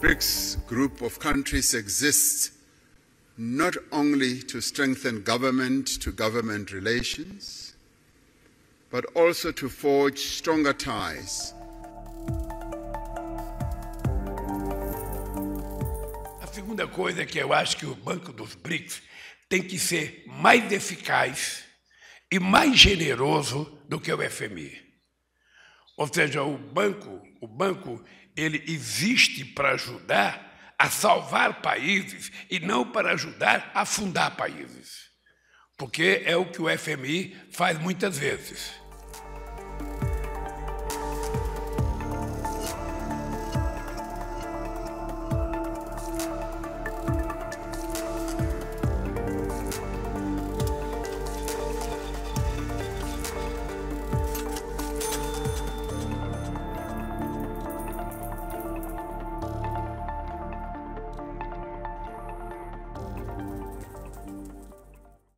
BRICS group of countries exists not only to strengthen government to government relations, but also to forge stronger ties. A segunda coisa que eu acho que o Banco dos BRICS tem que ser mais eficaz e mais generoso do que o FMI. Ou seja, o banco, o banco ele existe para ajudar a salvar países e não para ajudar a fundar países. Porque é o que o FMI faz muitas vezes.